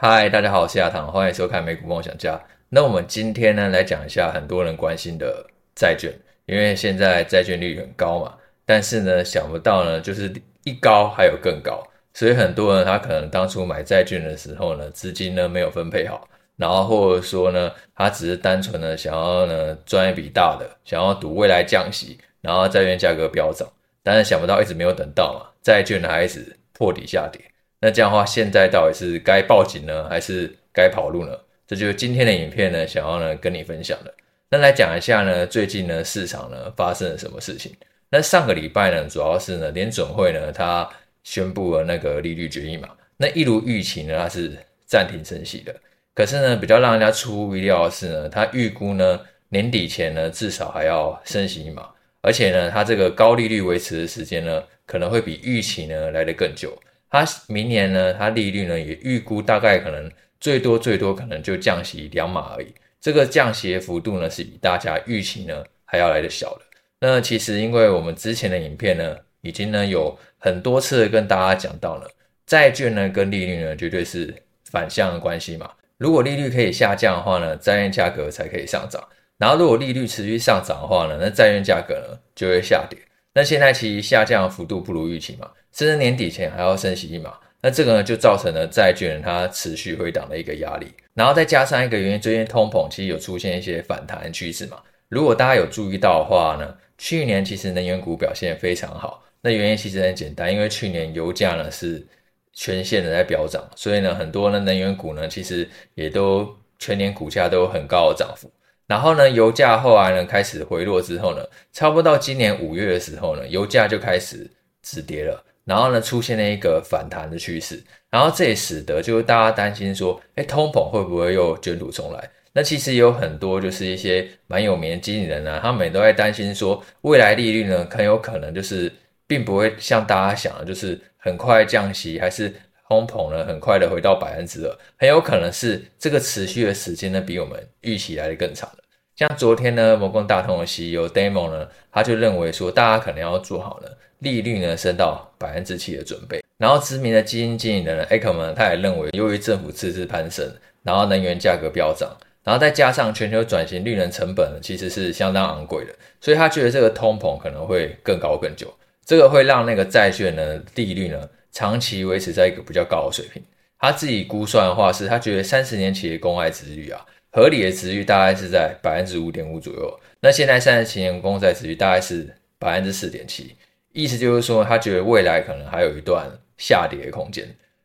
嗨，大家好，我是亞唐，歡迎收看《美股夢想家》。那我們今天呢，來講一下很多人關心的債券，因為現在債券率很高嘛，但是呢，想不到呢，就是一高還有更高，所以很多人他可能當初買債券的時候呢，資金呢沒有分配好，然後或者說呢，他只是單純呢想要呢賺一筆大的，想要賭未來降息，然後債券價格飆漲，但是想不到一直沒有等到嘛，債券呢還一直破底下跌。那這樣的話，現在到底是該抱緊呢，還是該跑路呢？這就是今天的影片呢，想要呢跟你分享的。那來講一下呢，最近呢市場呢發生了什麼事情。那上個禮拜呢，主要是呢聯準會呢它宣布了那個利率決議嘛。那一如預期呢，它是暫停升息的。可是呢，比較讓人家出乎意料的是呢，它預估呢年底前呢至少還要升息一碼，而且呢，它這個高利率維持的時間呢，可能會比預期呢來得更久。它明年呢，它利率呢也預估大概可能最多最多可能就降息兩碼而已。這個降息的幅度呢是比大家預期呢還要來得小的。那其實因為我們之前的影片呢，已經呢有很多次跟大家講到了，債券呢跟利率呢絕對是反向的關係嘛。如果利率可以下降的話呢，債券價格才可以上漲。然後如果利率持續上漲的話呢，那債券價格呢就會下跌。那現在其實下降的幅度不如預期嘛。甚至年底前還要升息一碼，那這個呢就造成了債券它持續回檔的一個壓力。然後再加上一個原因，最近通膨其實有出現一些反彈趨勢嘛。如果大家有注意到的話呢，去年其實能源股表現非常好。那原因其實很簡單，因為去年油價呢是全線的在飆漲，所以呢很多的能源股呢其實也都全年股價都有很高的漲幅。然後呢，油價後來呢開始回落之後呢，差不多到今年五月的時候呢，油價就開始止跌了。然後呢，出現了一個反彈的趨勢，然後這也使得就是大家擔心說，誒，通膨會不會又捲土重來？那其實也有很多就是一些蠻有名的經理人啊，他們都在擔心說，未來利率呢，很有可能就是並不會像大家想的，就是很快降息，還是通膨呢，很快的回到百分之二，很有可能是這個持續的時間呢，比我們預期來的更長，像昨天呢，摩根大通的 CEO Dimon 呢，他就認為說，大家可能要做好了。利率呢升到百分之七的準備，然後知名的基金經理人艾克曼他也認為，由於政府赤字攀升，然後能源價格飆漲，然後再加上全球轉型，利潤成本其實是相當昂貴的，所以他覺得這個通膨可能會更高更久，這個會讓那個債券的利率呢長期維持在一個比較高的水平。他自己估算的話是，他覺得三十年期的公債殖利率啊，合理的殖利率大概是在百分之五點五左右，那現在三十七年公債殖利率大概是百分之四點七。意思就是說，他覺得未來可能還有一段下跌的空間。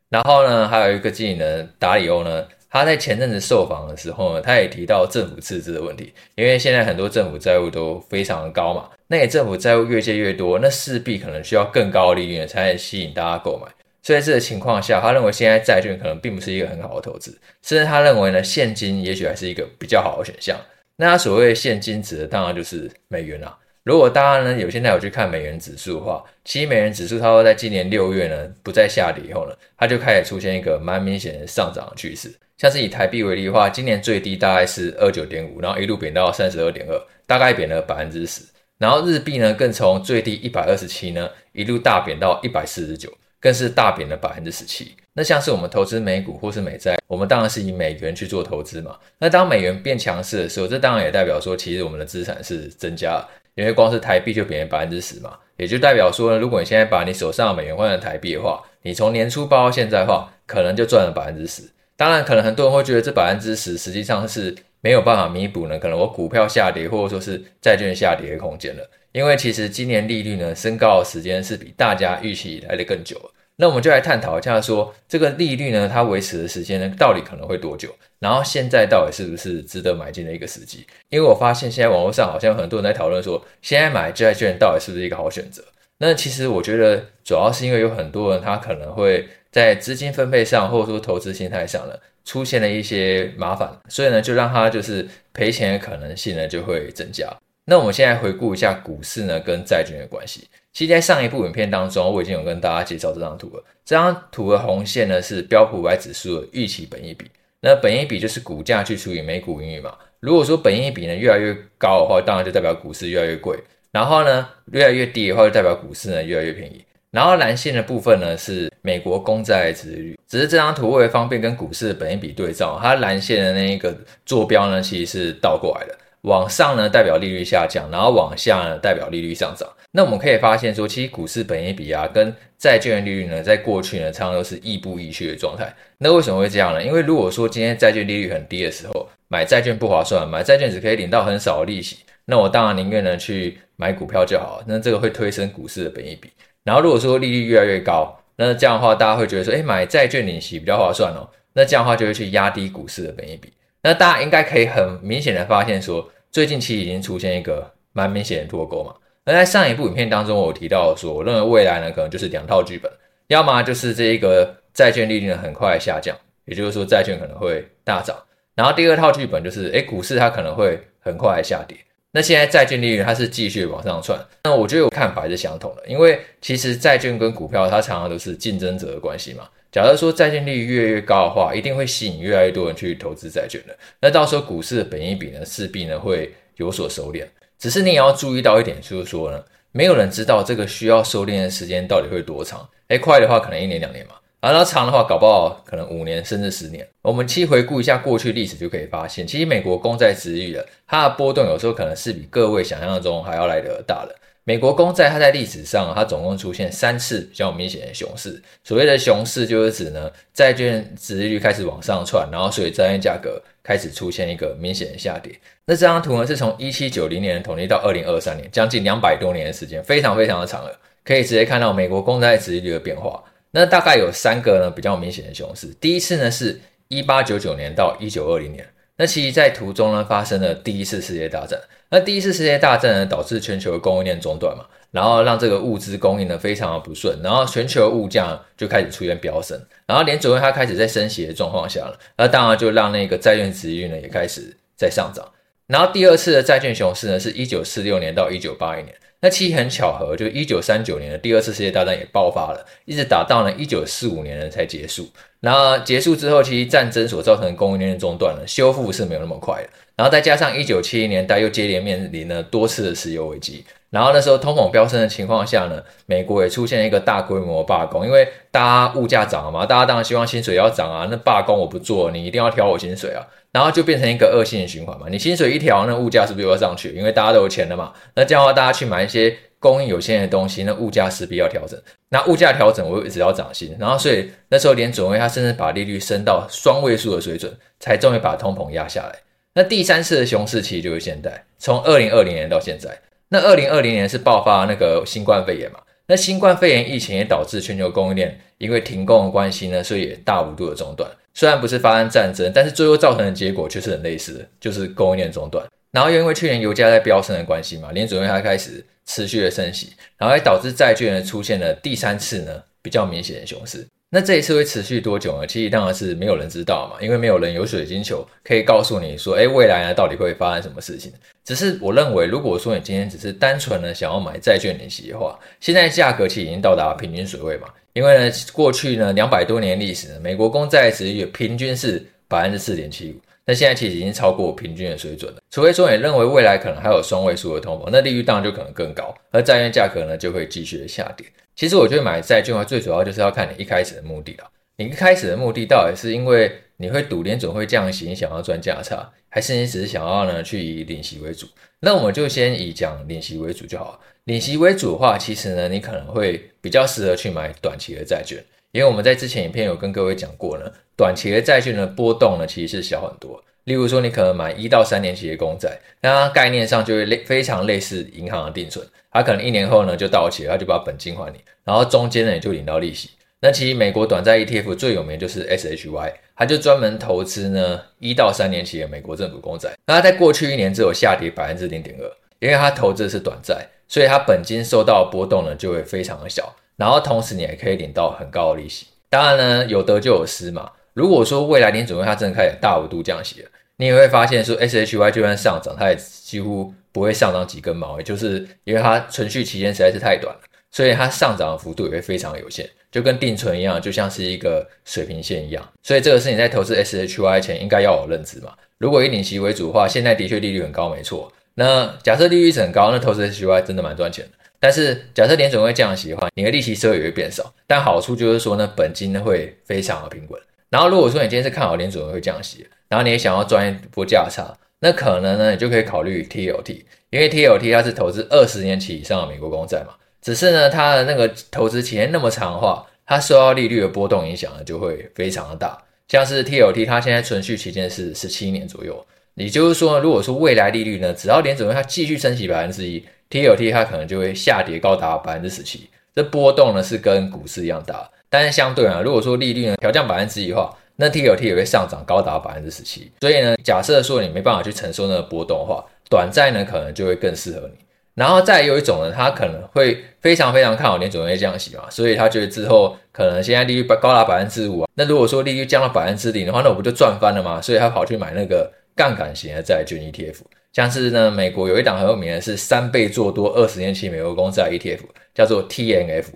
然後呢，還有一個經理人達里歐呢，他在前陣子受訪的時候呢，他也提到政府赤字的問題，因為現在很多政府債務都非常的高嘛，那給政府債務越借越多，那勢必可能需要更高的利率呢才能吸引大家購買。所以這個情況下，他認為現在債券可能並不是一個很好的投資，甚至他認為呢，現金也許還是一個比較好的選項。那他所謂現金指的當然就是美元啦、啊。如果大家呢有現在有去看美元指數的話，其實美元指數它會在今年六月呢不再下跌以後呢，它就開始出現一個蠻明顯的上漲的趨勢。像是以台幣為例的話，今年最低大概是二九點五，然後一路貶到三十二點二，大概貶了百分之十。然後日幣呢更從最低一百二十七呢一路大貶到一百四十九，更是大貶了百分之十七。那像是我們投資美股或是美債，我們當然是以美元去做投資嘛。那當美元變強勢的時候，這當然也代表說其實我們的資產是增加了。因為光是台幣就貶百分之十嘛，也就代表說呢，如果你現在把你手上的美元換成台幣的話，你從年初抱到現在的話，可能就賺了百分之十。當然，可能很多人會覺得這百分之十實際上是沒有辦法彌補呢，可能我股票下跌或者說是債券下跌的空間了。因為其實今年利率呢升高的時間是比大家預期來得更久了。那我們就來探討一下說，說這個利率呢，它維持的時間呢，到底可能會多久？然後現在到底是不是值得買進的一個時機？因為我發現現在網絡上好像很多人在討論說，現在買債券到底是不是一個好選擇？那其實我覺得，主要是因為有很多人他可能會在資金分配上，或者說投資心態上呢，出現了一些麻煩，所以呢，就讓他就是賠錢的可能性呢，就會增加。那我們現在回顧一下股市呢跟債券的關係。其實，在上一部影片當中，我已經有跟大家介紹這張圖了。這張圖的紅線呢是標普五百指數的預期本益比。那本益比就是股價去除以每股盈餘嘛。如果說本益比呢越來越高的話，當然就代表股市越來越貴。然後呢，越來越低的話，就代表股市呢越來越便宜。然後藍線的部分呢是美國公債殖利率。只是這張圖為了方便跟股市的本益比對照，它藍線的那個坐標呢其實是倒過來的。往上呢，代表利率下降，然後往下呢，代表利率上漲。那我們可以發現說，其實股市本益比啊，跟債券利率呢，在過去呢，常常都是亦步亦趨的狀態。那為什麼會這樣呢？因為如果說今天債券利率很低的時候，買債券不划算，買債券只可以領到很少的利息，那我當然寧願呢去買股票就好了。那這個會推升股市的本益比。然後如果說利率越來越高，那這樣的話，大家會覺得說，哎，買債券領息比較划算哦。那這樣的話就會去壓低股市的本益比。那大家應該可以很明顯的發現，說最近其實已經出現一個蠻明顯的脫鈎嘛。那在上一部影片當中，我提到的說，我認為未來呢，可能就是兩套劇本，要麼就是這一個債券利率呢，很快的下降，也就是說債券可能會大漲。然後第二套劇本就是、欸，誒，股市它可能會很快的下跌。那現在債券利率它是繼續往上竄，那我覺得我看法還是相同的，因為其實債券跟股票它常常都是競爭者的關係嘛。假如說債券利率越來越高的話，一定會吸引越來越多人去投資債券的。那到時候股市的本益比呢，勢必呢會有所收斂。只是你也要注意到一點，就是說呢，沒有人知道這個需要收斂的時間到底會多長。誒，欸，快的話可能一年兩年嘛，然後，啊，長的話，搞不好可能五年甚至十年。我們去回顧一下過去歷史就可以發現，其實美國公債殖利率的它的波動，有時候可能是比各位想象中還要來得大的。美國公債，它在歷史上，它總共出現三次比較明顯的熊市。所謂的熊市，就是指呢，債券殖利率開始往上竄，然後所以債券價格開始出現一個明顯的下跌。那這張圖呢，是從一七九零年統計到二零二三年，將近兩百多年的時間，非常非常的長了。可以直接看到美國公債殖利率的變化。那大概有三個呢，比較明顯的熊市。第一次呢，是一八九九年到一九二零年。那其實，在途中呢，發生了第一次世界大戰。那第一次世界大戰呢，導致全球的供應鏈中斷嘛，然後讓這個物資供應呢非常的不順，然後全球物價就開始出現飆升。然後聯準會它開始在升息的狀況下了，那當然就讓那個債券殖利率呢也開始在上漲。然後第二次的債券熊市呢，是一九四六年到一九八一年。那其實很巧合，就是一九三九年的第二次世界大戰也爆發了，一直打到了一九四五年呢才結束。然後結束之後，其實戰爭所造成的供應鏈中斷了，修復是沒有那麼快的。然後再加上一九七一年代又接連面臨了多次的石油危機。然後那時候通膨飆升的情況下呢，美國也出現一個大規模的罷工，因為大家物價漲了嘛，大家當然希望薪水要漲啊。那罷工我不做了，你一定要調我薪水啊。然後就變成一個惡性的循環嘛，你薪水一調，那物價是不是又要上去？因為大家都有錢了嘛，那這樣的話大家去買一些供應有限的東西，那物價勢必要調整。那物價調整，我又一直要漲薪。然後所以那時候聯準會他甚至把利率升到雙位數的水準，才終於把通膨壓下來。那第三次的熊市期就是現在，從二零二零年到現在。那二零二零年是爆發那個新冠肺炎嘛？那新冠肺炎疫情也導致全球供應鏈因為停工的關係呢，所以也大幅度的中斷。雖然不是發生戰爭，但是最後造成的結果卻是很類似，就是供應鏈中斷。然後又因為去年油價在飆升的關係嘛，聯準會還開始持續的升息，然後也導致債券出現了第三次呢比較明顯的熊市。那這一次會持續多久呢？其實當然是沒有人知道嘛，因為沒有人有水晶球可以告訴你說，哎、欸，未來呢到底會發生什麼事情。只是我認為，如果說你今天只是單純呢想要買債券領息的話，現在價格其實已經到達平均水位嘛。因為呢，過去呢兩百多年歷史呢，美國公債殖利率平均是百分之四點七五，那現在其實已經超過平均的水準了。除非說你認為未來可能還有雙位數的通膨，那利率當然就可能更高，而債券價格呢就會繼續的下跌。其實我覺得買債券的話，最主要就是要看你一開始的目的了。你一開始的目的到底是因為你會賭聯準會降息，你想要賺價差，還是你只是想要呢去以領息為主？那我們就先以講領息為主就好了。領息為主的話，其實呢，你可能會比較適合去買短期的債券，因為我們在之前影片有跟各位講過呢，短期的債券的波動呢其實是小很多。例如說，你可能買一到三年期的公債，那它概念上就會類非常類似銀行的定存，它可能一年後呢就到期了，它就把本金還你，然後中間呢也就領到利息。那其實美國短債 ETF 最有名就是 SHY，它就專門投資呢一到三年期的美國政府公債。那它在過去一年只有下跌百分之零點二，因為它投資的是短債，所以它本金受到波動呢就會非常的小，然後同時你也可以領到很高的利息。當然呢有得就有失嘛，如果說未來聯準會它真的開始大幅度降息了。你也會發現說，SHY 就算上漲，它也幾乎不會上漲幾根毛，也就是因為它存續期間實在是太短了，所以它上漲的幅度也會非常有限，就跟定存一樣，就像是一個水平線一樣。所以這個是你在投資 SHY 前應該要有認知嘛？如果以利息為主的話，現在的確利率很高，沒錯。那假設利率是很高，那投資 SHY 真的蠻賺錢的。但是假設聯準會降息的話，你的利息收益也會變少，但好處就是說呢，本金呢會非常的平穩。然後如果說你今天是看好聯準會降息。然後你也想要賺一波價差，那可能呢，你就可以考慮 TLT，因為 TLT 它是投資二十年期以上的美國公債嘛。只是呢，它的那個投資期限那麼長的話，它受到利率的波動影響呢，就會非常的大。像是 TLT，它現在存續期間是十七年左右。也就是說呢，如果說未來利率呢，只要聯準會它繼續升息百分之一，TLT 它可能就會下跌高達百分之十七。這波動呢，是跟股市一樣大。但是相對啊，如果說利率呢調降百分之一的話，那 TLT 也會上漲高達百分之十七，所以呢，假設說你沒辦法去承受那個波動的話，短債呢可能就會更適合你。然後再有一種呢，他可能會非常非常看好聯準會降息嘛，所以他覺得之後可能現在利率高高達百分之五啊，那如果說利率降到百分之零的話，那我不就賺翻了嗎？所以他跑去買那個槓桿型的債券 ETF，像是呢美國有一檔很有名的是三倍做多二十年期美國公債 ETF，叫做 TNF。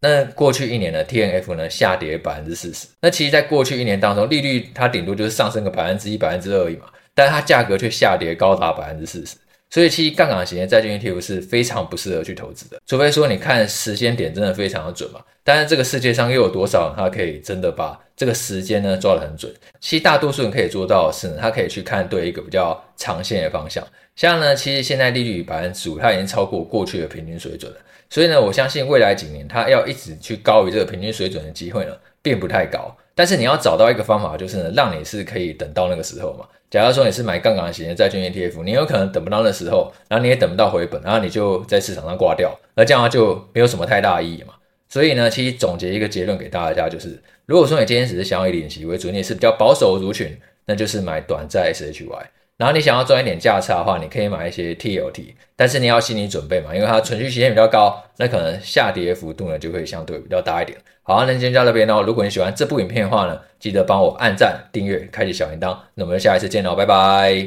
那過去一年呢，T N F 呢，下跌百分之四十。那其實，在過去一年當中，利率它頂多就是上升個百分之一、百分之二而已嘛，但它價格卻下跌高達百分之四十。所以，其實槓桿型的在進行 t f 是非常不適合去投資的，除非說你看時間點真的非常的準嘛。但是這個世界上又有多少人他可以真的把這個時間呢抓得很準？其實大多數人可以做到的是呢，他可以去看對一個比較長線的方向。像呢，其實現在利率百分之五，它已經超過過去的平均水準了。所以呢，我相信未來幾年它要一直去高於這個平均水準的機會呢，並不太高。但是你要找到一個方法，就是呢，讓你是可以等到那個時候嘛。假如說你是買槓桿型的債券 ETF，你有可能等不到那時候，然後你也等不到回本，然後你就在市場上掛掉，那這樣就沒有什麼太大的意義嘛。所以呢，其實總結一個結論給大家就是，如果說你今天只是想要以領息為主，你也是比較保守的族群，那就是買短債 SHY。然後你想要賺一點價差的話，你可以買一些 TLT，但是你要心理準備嘛，因為它存續時間比較高，那可能下跌幅度呢就會相對比較大一點。好啊，那今天就到這邊嘍。如果你喜歡這部影片的話呢，記得幫我按讚、訂閱、開啟小鈴鐺。那我們下一次見嘍，拜拜。